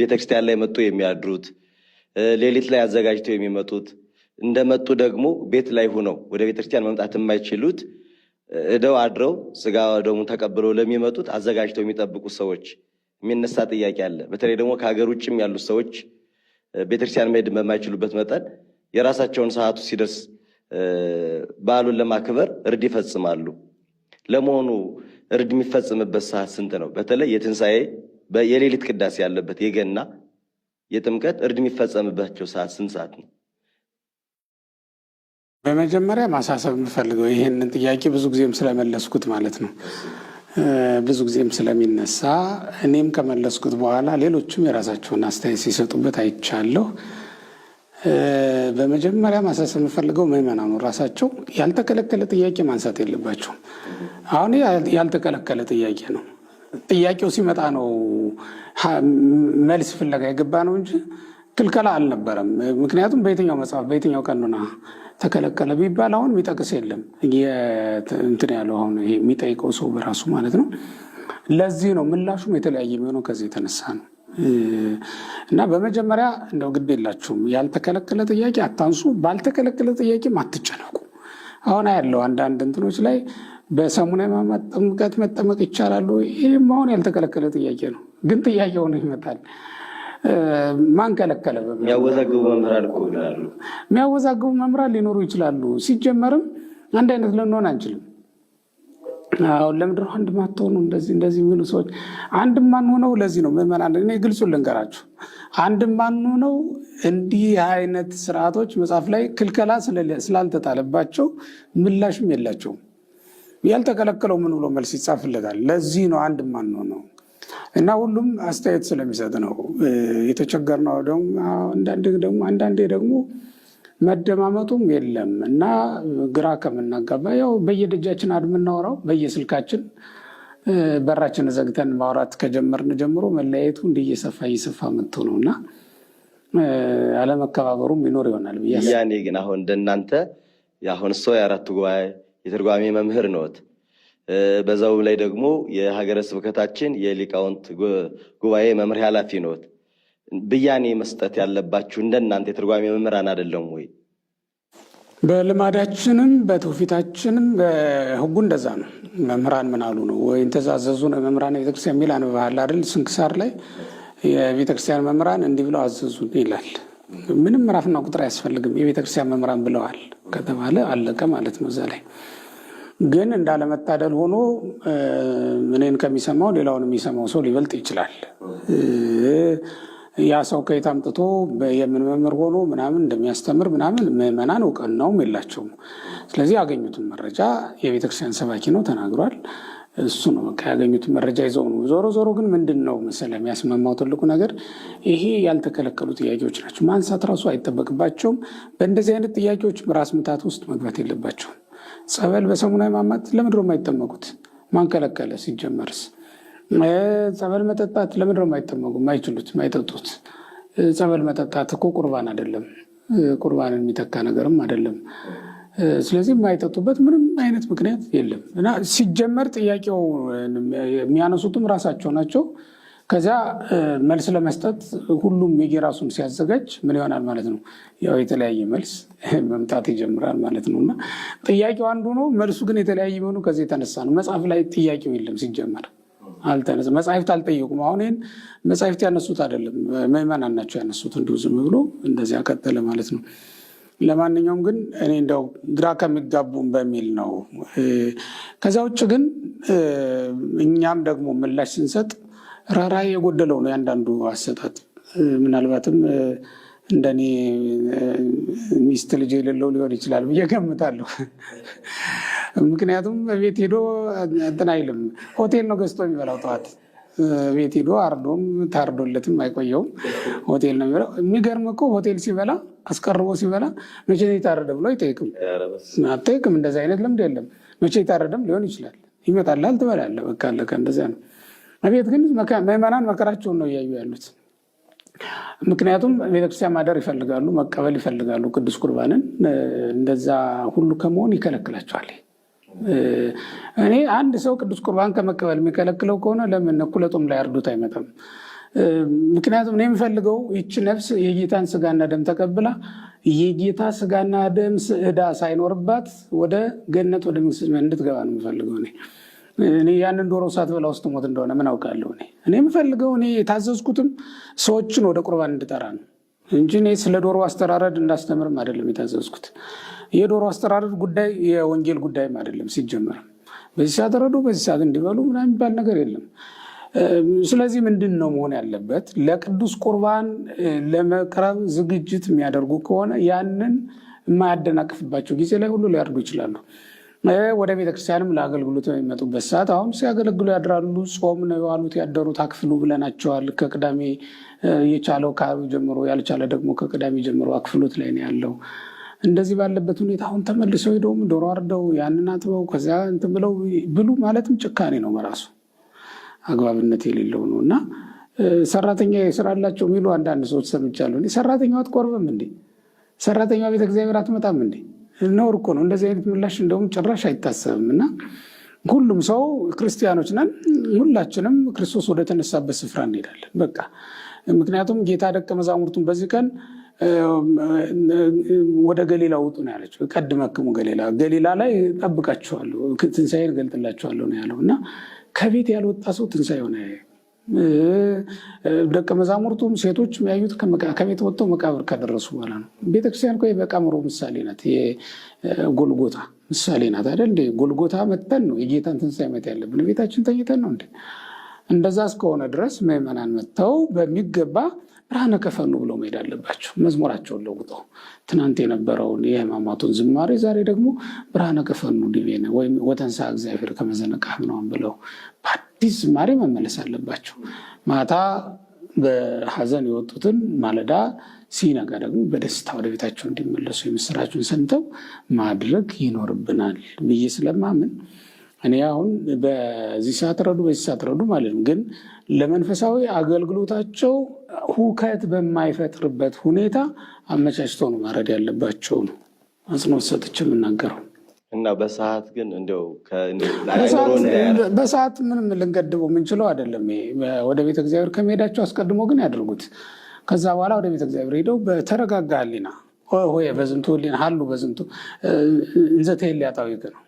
ቤተክርስቲያን ላይ መጥቶ የሚያድሩት ሌሊት ላይ አዘጋጅተው የሚመጡት እንደመጡ ደግሞ ቤት ላይ ሁነው ወደ ቤተክርስቲያን መምጣት የማይችሉት እደው አድረው ስጋ ደሙ ተቀብለው ለሚመጡት አዘጋጅተው የሚጠብቁ ሰዎች የሚነሳ ጥያቄ አለ። በተለይ ደግሞ ከሀገር ውጭም ያሉት ሰዎች ቤተክርስቲያን መሄድ በማይችሉበት መጠን የራሳቸውን ሰዓቱ ሲደርስ በዓሉን ለማክበር እርድ ይፈጽማሉ። ለመሆኑ እርድ የሚፈጽምበት ሰዓት ስንት ነው? በተለይ የትንሣኤ የሌሊት ቅዳሴ ያለበት የገና የጥምቀት እርድ የሚፈጸምባቸው ሰዓት ስንት ሰዓት ነው? በመጀመሪያ ማሳሰብ የምፈልገው ይህንን ጥያቄ ብዙ ጊዜም ስለመለስኩት ማለት ነው ብዙ ጊዜም ስለሚነሳ እኔም ከመለስኩት በኋላ ሌሎችም የራሳቸውን አስተያየት ሲሰጡበት አይቻለሁ። በመጀመሪያ ማሳሰብ የምፈልገው ምዕመናኑ ራሳቸው ያልተከለከለ ጥያቄ ማንሳት የለባቸውም። አሁን ያልተከለከለ ጥያቄ ነው። ጥያቄው ሲመጣ ነው መልስ ፍለጋ የገባ ነው እንጂ ክልከላ አልነበረም። ምክንያቱም በየትኛው መጽሐፍ በየትኛው ቀኖና ተከለከለ ቢባል አሁን የሚጠቅስ የለም እንትን ያለው አሁን የሚጠይቀው ሰው በራሱ ማለት ነው። ለዚህ ነው ምላሹም የተለያየ የሚሆነው ከዚህ የተነሳ ነው። እና በመጀመሪያ እንደው ግድ የላችሁም ያልተከለከለ ጥያቄ አታንሱ፣ ባልተከለከለ ጥያቄም አትጨነቁ። አሁን ያለው አንዳንድ እንትኖች ላይ በሰሙነ ሕማማት ጥምቀት መጠመቅ ይቻላሉ? ይህም አሁን ያልተከለከለ ጥያቄ ነው፣ ግን ጥያቄ ሆኖ ይመጣል። ማን ከለከለ? የሚያወዛግቡ መምህራን እኮ ይላሉ። የሚያወዛግቡ መምህራን ሊኖሩ ይችላሉ። ሲጀመርም አንድ አይነት ልንሆን አንችልም። አሁን ለምድር አንድ ማትሆኑ እንደዚህ እንደዚህ የሚሉ ሰዎች አንድ ማንሆነው ለዚህ ነው ምዕመናን፣ እኔ ግልጹ ልንገራችሁ፣ አንድ ማንሆነው እንዲህ አይነት ስርዓቶች መጽሐፍ ላይ ክልከላ ስላልተጣለባቸው ምላሽም የላቸውም። ያልተከለከለው ምን ብሎ መልስ ይጻፍለታል? ለዚህ ነው አንድ ማን ነው እና ሁሉም አስተያየት ስለሚሰጥ ነው የተቸገር ነው። ደግሞ አንዳንዴ ደግሞ መደማመጡም የለም እና ግራ ከምናጋባ ያው በየደጃችን አድምናወራው በየስልካችን በራችን ዘግተን ማውራት ከጀመርን ጀምሮ መለያየቱ እንዲ እየሰፋ እየሰፋ መጥቶ ነው እና አለመከባበሩም ይኖር ይሆናል ብያ ግን አሁን እንደናንተ አሁን እሶ የአራቱ ጉባኤ የትርጓሜ መምህር ነዎት። በዛውም ላይ ደግሞ የሀገረ ስብከታችን የሊቃውንት ጉባኤ መምሪያ ኃላፊ ነዎት። ብያኔ መስጠት ያለባችሁ እንደናንተ የትርጓሜ መምህራን አይደለም ወይ? በልማዳችንም በትውፊታችንም ህጉ እንደዛ ነው። መምህራን ምን አሉ ነው ወይም ተዛዘዙ ነው መምህራን ቤተክርስቲያን የሚል አንብበሃል አይደል? ስንክሳር ላይ የቤተክርስቲያን መምህራን እንዲህ ብለው አዘዙ ይላል። ምንም ምዕራፍና ቁጥር አያስፈልግም። የቤተክርስቲያን መምህራን ብለዋል ከተባለ አለቀ ማለት ነው። እዛ ላይ ግን እንዳለመታደል ሆኖ እኔን ከሚሰማው ሌላውን የሚሰማው ሰው ሊበልጥ ይችላል። ያ ሰው ከየት አምጥቶ የምን መምህር ሆኖ ምናምን እንደሚያስተምር ምናምን ምዕመናን እውቅናውም የላቸውም። ስለዚህ ያገኙትን መረጃ የቤተክርስቲያን ሰባኪ ነው ተናግሯል። እሱ ነው ከያገኙት መረጃ ይዘው ነው። ዞሮ ዞሮ ግን ምንድን ነው መሰለህ የሚያስመማው ትልቁ ነገር ይሄ ያልተከለከሉ ጥያቄዎች ናቸው። ማንሳት ራሱ አይጠበቅባቸውም። በእንደዚህ አይነት ጥያቄዎች ራስ ምታት ውስጥ መግባት የለባቸውም። ጸበል በሰሙናዊ ማማት ለምድሮ የማይጠመቁት ማንከለከለ ሲጀመርስ ጸበል መጠጣት ለምድሮ የማይጠመቁ የማይችሉት የማይጠጡት ጸበል መጠጣት እኮ ቁርባን አይደለም። ቁርባንን የሚተካ ነገርም አይደለም። ስለዚህ የማይጠጡበት ምንም አይነት ምክንያት የለም እና ሲጀመር ጥያቄው የሚያነሱትም ራሳቸው ናቸው። ከዚያ መልስ ለመስጠት ሁሉም ራሱን ሲያዘጋጅ ምን ይሆናል ማለት ነው? ያው የተለያየ መልስ መምጣት ይጀምራል ማለት ነው እና ጥያቄው አንዱ ነው፣ መልሱ ግን የተለያየ ሆኑ ከዚ የተነሳ ነው። መጽሐፍ ላይ ጥያቄው የለም ሲጀመር መጽሐፍት አልጠየቁም። አሁን ይህን መጽሐፍት ያነሱት አይደለም ምዕመናን ናቸው ያነሱት። እንዲሁ ዝም ብሎ እንደዚያ ቀጠለ ማለት ነው። ለማንኛውም ግን እኔ እንደው ግራ ከሚጋቡም በሚል ነው። ከዛ ውጭ ግን እኛም ደግሞ ምላሽ ስንሰጥ ራራ የጎደለው ነው ያንዳንዱ አሰጣጥ። ምናልባትም እንደኔ ሚስት ልጅ የሌለው ሊሆን ይችላል ብዬ ገምታለሁ። ምክንያቱም ቤት ሄዶ እንትን አይልም። ሆቴል ነው ገዝቶ የሚበላው ጠዋት ቤት ሄዶ አርዶም ታርዶለትም አይቆየውም። ሆቴል ነው የሚበላው። የሚገርም እኮ ሆቴል ሲበላ አስቀርቦ ሲበላ መቼ የታረደ ብሎ አይጠይቅም። አጠይቅም። እንደዚህ አይነት ልምድ የለም። መቼ የታረደም ሊሆን ይችላል። ይመጣልሃል፣ ትበላለህ። በቃ አለቀ። እንደዚያ ነው። አቤት ግን ምዕመናን መከራቸውን ነው እያዩ ያሉት። ምክንያቱም ቤተክርስቲያን ማደር ይፈልጋሉ፣ መቀበል ይፈልጋሉ ቅዱስ ቁርባንን። እንደዛ ሁሉ ከመሆን ይከለክላቸዋል። እኔ አንድ ሰው ቅዱስ ቁርባን ከመቀበል የሚከለክለው ከሆነ ለምን እኩለ ላይ አርዶት አይመጣም? ምክንያቱም እኔ የምፈልገው ይች ነፍስ የጌታን ስጋና ደም ተቀብላ የጌታ ስጋና ደም ዕዳ ሳይኖርባት ወደ ገነት ወደ መንግስት እንድትገባ ነው የምፈልገው እኔ እኔ ያንን ዶሮ ሳትበላ ውስጥ ሞት እንደሆነ ምን አውቃለሁ። እኔ እኔ የምፈልገው እኔ የታዘዝኩትም ሰዎችን ወደ ቁርባን እንድጠራ ነው እንጂ እኔ ስለ ዶሮ አስተራረድ እንዳስተምርም አይደለም የታዘዝኩት። የዶሮ አስተራረድ ጉዳይ የወንጌል ጉዳይም አይደለም ሲጀመርም። በዚህ ሰዓት ረዱ፣ በዚህ ሰዓት እንዲበሉ ምናምን የሚባል ነገር የለም። ስለዚህ ምንድን ነው መሆን ያለበት? ለቅዱስ ቁርባን ለመቅረብ ዝግጅት የሚያደርጉ ከሆነ ያንን የማያደናቅፍባቸው ጊዜ ላይ ሁሉ ሊያደርጉ ይችላሉ። ወደ ቤተክርስቲያንም ለአገልግሎት በሚመጡበት ሰዓት አሁን ሲያገለግሉ ያድራሉ። ጾም ነው የዋሉት ያደሩት አክፍሉ ብለናቸዋል። ከቅዳሜ የቻለው ከዓርብ ጀምሮ፣ ያልቻለ ደግሞ ከቅዳሜ ጀምሮ አክፍሎት ላይ ነው ያለው። እንደዚህ ባለበት ሁኔታ አሁን ተመልሰው ሄደውም ዶሮ አርደው ያንን አጥበው ከዚያ እንትን ብለው ብሉ ማለትም ጭካኔ ነው በራሱ አግባብነት የሌለው ነው እና ሰራተኛ ስራ አላቸው የሚሉ አንዳንድ ሰዎች ሰምቻለሁ። ሰራተኛው አትቆርብም እንዴ? ሰራተኛ ቤተ እግዚአብሔር አትመጣም እንዴ? ነውር እኮ ነው። እንደዚህ አይነት ምላሽ እንደውም ጭራሽ አይታሰብም እና ሁሉም ሰው ክርስቲያኖች ነን። ሁላችንም ክርስቶስ ወደ ተነሳበት ስፍራ እንሄዳለን። በቃ ምክንያቱም ጌታ ደቀ መዛሙርቱን በዚህ ቀን ወደ ገሊላ ውጡ ነው ያለችው። ቀድመክሙ ገሊላ ገሊላ ላይ ጠብቃችኋለሁ፣ ትንሣኤን ገልጥላችኋለሁ ነው ያለው እና ከቤት ያልወጣ ሰው ትንሣኤ ሆነ። ደቀ መዛሙርቱም ሴቶች ያዩት ከቤት ወጥተው መቃብር ከደረሱ በኋላ ነው። ቤተክርስቲያን እኮ የመቃብሩ ምሳሌ ናት፣ የጎልጎታ ምሳሌ ናት አይደል? ጎልጎታ መተን ነው የጌታን ትንሣኤ መት ያለብን፣ ቤታችን ተኝተን ነው እንዴ? እንደዛ እስከሆነ ድረስ ምዕመናን መጥተው በሚገባ ብርሃነ ከፈኑ ብለው መሄድ አለባቸው። መዝሙራቸውን ለውጠው ትናንት የነበረውን የሕማማቱን ዝማሬ ዛሬ ደግሞ ብርሃነ ከፈኑ ዲቤነ ወይም ወተንሳ እግዚአብሔር ከመዘነቃ ምናምን ብለው በአዲስ ዝማሬ መመለስ አለባቸው። ማታ በሐዘን የወጡትን ማለዳ ሲነጋ ደግሞ በደስታ ወደ ቤታቸው እንዲመለሱ የምስራችሁን ሰምተው ማድረግ ይኖርብናል ብዬ ስለማምን እኔ አሁን በዚህ ሰዓት ረዱ፣ በዚህ ሰዓት ረዱ ማለት ግን ለመንፈሳዊ አገልግሎታቸው ሁከት በማይፈጥርበት ሁኔታ አመቻችቶ ነው ማረድ ያለባቸው ነው አጽንኦት ሰጥቼ የምናገረው እና በሰዓት ግን እንዲያው በሰዓት ምንም ልንገድበው የምንችለው አይደለም። ወደ ቤተ እግዚአብሔር ከመሄዳቸው አስቀድሞ ግን ያደርጉት። ከዛ በኋላ ወደ ቤተ እግዚአብሔር ሄደው በተረጋጋ ሕሊና ሆ በዝንቱ ሕሊና ሀሉ በዝንቱ እንዘተ ተሄል ሊያጣዊ ነው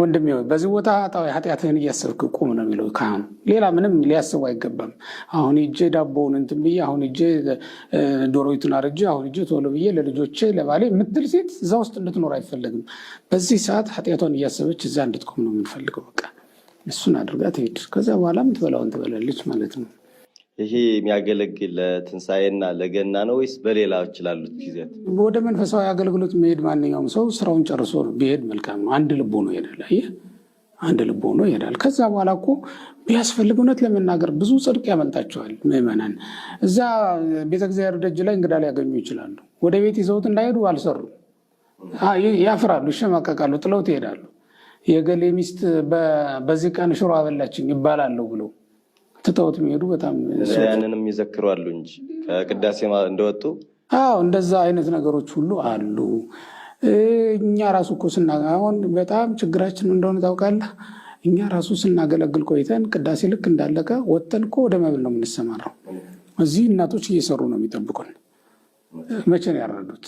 ወንድሜ ሆይ በዚህ ቦታ ኃጢአትህን እያሰብክ ቁም ነው የሚለው ካህኑ። ሌላ ምንም ሊያስቡ አይገባም። አሁን እጄ ዳቦውን እንትን ብዬ አሁን እጄ ዶሮዊቱን አርጄ አሁን እጄ ቶሎ ብዬ ለልጆቼ ለባሌ የምትል ሴት እዛ ውስጥ እንድትኖር አይፈለግም። በዚህ ሰዓት ኃጢአቷን እያሰበች እዛ እንድትቆም ነው የምንፈልገው። በቃ እሱን አድርጋ ትሄድ። ከዚያ በኋላም ትበላውን ትበላለች ማለት ነው። ይሄ የሚያገለግል ለትንሣኤና ለገና ነው ወይስ በሌላዎች ላሉት ጊዜያት? ወደ መንፈሳዊ አገልግሎት መሄድ ማንኛውም ሰው ስራውን ጨርሶ ቢሄድ መልካም ነው። አንድ ልቦ ነው ይሄዳል። አየህ አንድ ልቦ ነው ይሄዳል። ከዛ በኋላ እኮ ቢያስፈልግ እውነት ለመናገር ብዙ ጽድቅ ያመልጣቸዋል ምዕመናን። እዛ ቤተ እግዚአብሔር ደጅ ላይ እንግዳ ሊያገኙ ይችላሉ። ወደ ቤት ይዘውት እንዳይሄዱ አልሰሩም። ያፍራሉ፣ ይሸማቀቃሉ፣ ጥለውት ይሄዳሉ። የገሌ ሚስት በዚህ ቀን ሽሮ አበላችኝ ይባላለሁ ብለው ትተውት የሚሄዱ በጣም ያንንም ይዘክሩ አሉ እንጂ ከቅዳሴ እንደወጡ አዎ፣ እንደዛ አይነት ነገሮች ሁሉ አሉ። እኛ ራሱ እኮ አሁን በጣም ችግራችን እንደሆነ ታውቃለህ። እኛ ራሱ ስናገለግል ቆይተን ቅዳሴ ልክ እንዳለቀ ወጥተን እኮ ወደ መብል ነው የምንሰማራው። እዚህ እናቶች እየሰሩ ነው የሚጠብቁን። መቼ ነው ያረዱት?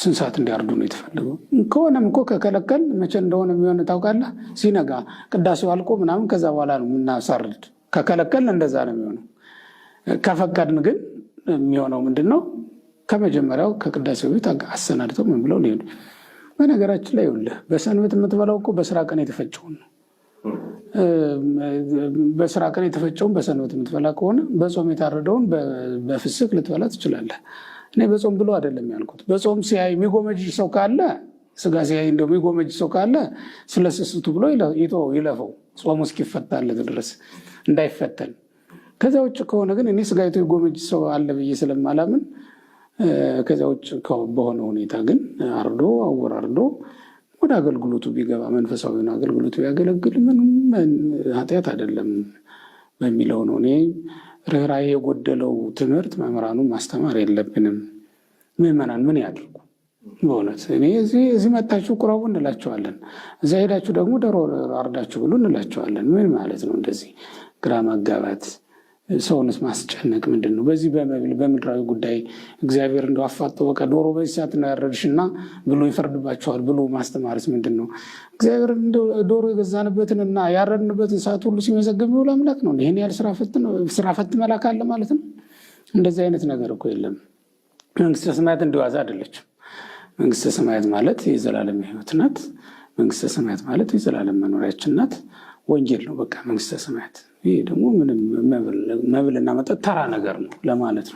ስንት ሰዓት እንዲያርዱ ነው የተፈለገው? ከሆነም እኮ ከከለከል መቼ እንደሆነ የሚሆነ ታውቃለህ። ሲነጋ ቅዳሴው አልቆ ምናምን ከዛ በኋላ ነው የምናሳርድ ከከለከልን እንደዛ ነው የሚሆነው። ከፈቀድን ግን የሚሆነው ምንድን ነው? ከመጀመሪያው ከቅዳሴው ቤት አሰናድቶ ምን ብለው ሊሄዱ። በነገራችን ላይ ይኸውልህ በሰንበት የምትበላው እኮ በስራ ቀን የተፈጨውን ነው። በስራ ቀን የተፈጨውን በሰንበት የምትበላ ከሆነ በጾም የታረደውን በፍስክ ልትበላ ትችላለህ። እኔ በጾም ብሎ አይደለም ያልኩት። በጾም ሲያይ የሚጎመጅ ሰው ካለ ስጋ ሲያይ እንደው የሚጎመጅ ሰው ካለ ስለስስቱ ብሎ ይለፈው፣ ጾሙ እስኪፈታለት ድረስ እንዳይፈተን። ከዚ ውጭ ከሆነ ግን እኔ ስጋዊቱ ጎመጅ ሰው አለ ብዬ ስለማላምን ከዚ ውጭ በሆነ ሁኔታ ግን አርዶ አወራርዶ ወደ አገልግሎቱ ቢገባ መንፈሳዊ አገልግሎቱ ቢያገለግል ምንም ኃጢአት አይደለም በሚለው ነው እኔ ርኅራኄ የጎደለው ትምህርት መምራኑ ማስተማር የለብንም። ምዕመናን ምን ያድርጉ? በእውነት እኔ እዚህ መታችሁ ቁረቡ እንላቸዋለን፣ እዚያ ሄዳችሁ ደግሞ ደሮ አርዳችሁ ብሉ እንላቸዋለን። ምን ማለት ነው እንደዚህ ግራ ማጋባት፣ ሰውነት ማስጨነቅ ምንድን ነው? በዚህ በመብል በምድራዊ ጉዳይ እግዚአብሔር እንደው አፋጦ በቃ ዶሮ በዚህ ሰዓት እናያረድሽ እና ብሎ ይፈርድባቸዋል ብሎ ማስተማርስ ምንድን ነው? እግዚአብሔር ዶሮ የገዛንበትን እና ያረድንበትን ሰዓት ሁሉ ሲመዘግብ የሚውል አምላክ ነው። ይህን ያህል ስራ ፈት መላክ አለ ማለት ነው? እንደዚህ አይነት ነገር እኮ የለም። መንግስተ ሰማያት እንዲዋዛ አይደለችም። መንግስተ ሰማያት ማለት የዘላለም ሕይወት ናት። መንግስተ ሰማያት ማለት የዘላለም መኖሪያችን ናት። ወንጌል ነው በቃ መንግስተ ሰማያት። ይሄ ደግሞ ምንም መብልና መጠጥ ተራ ነገር ነው ለማለት ነው።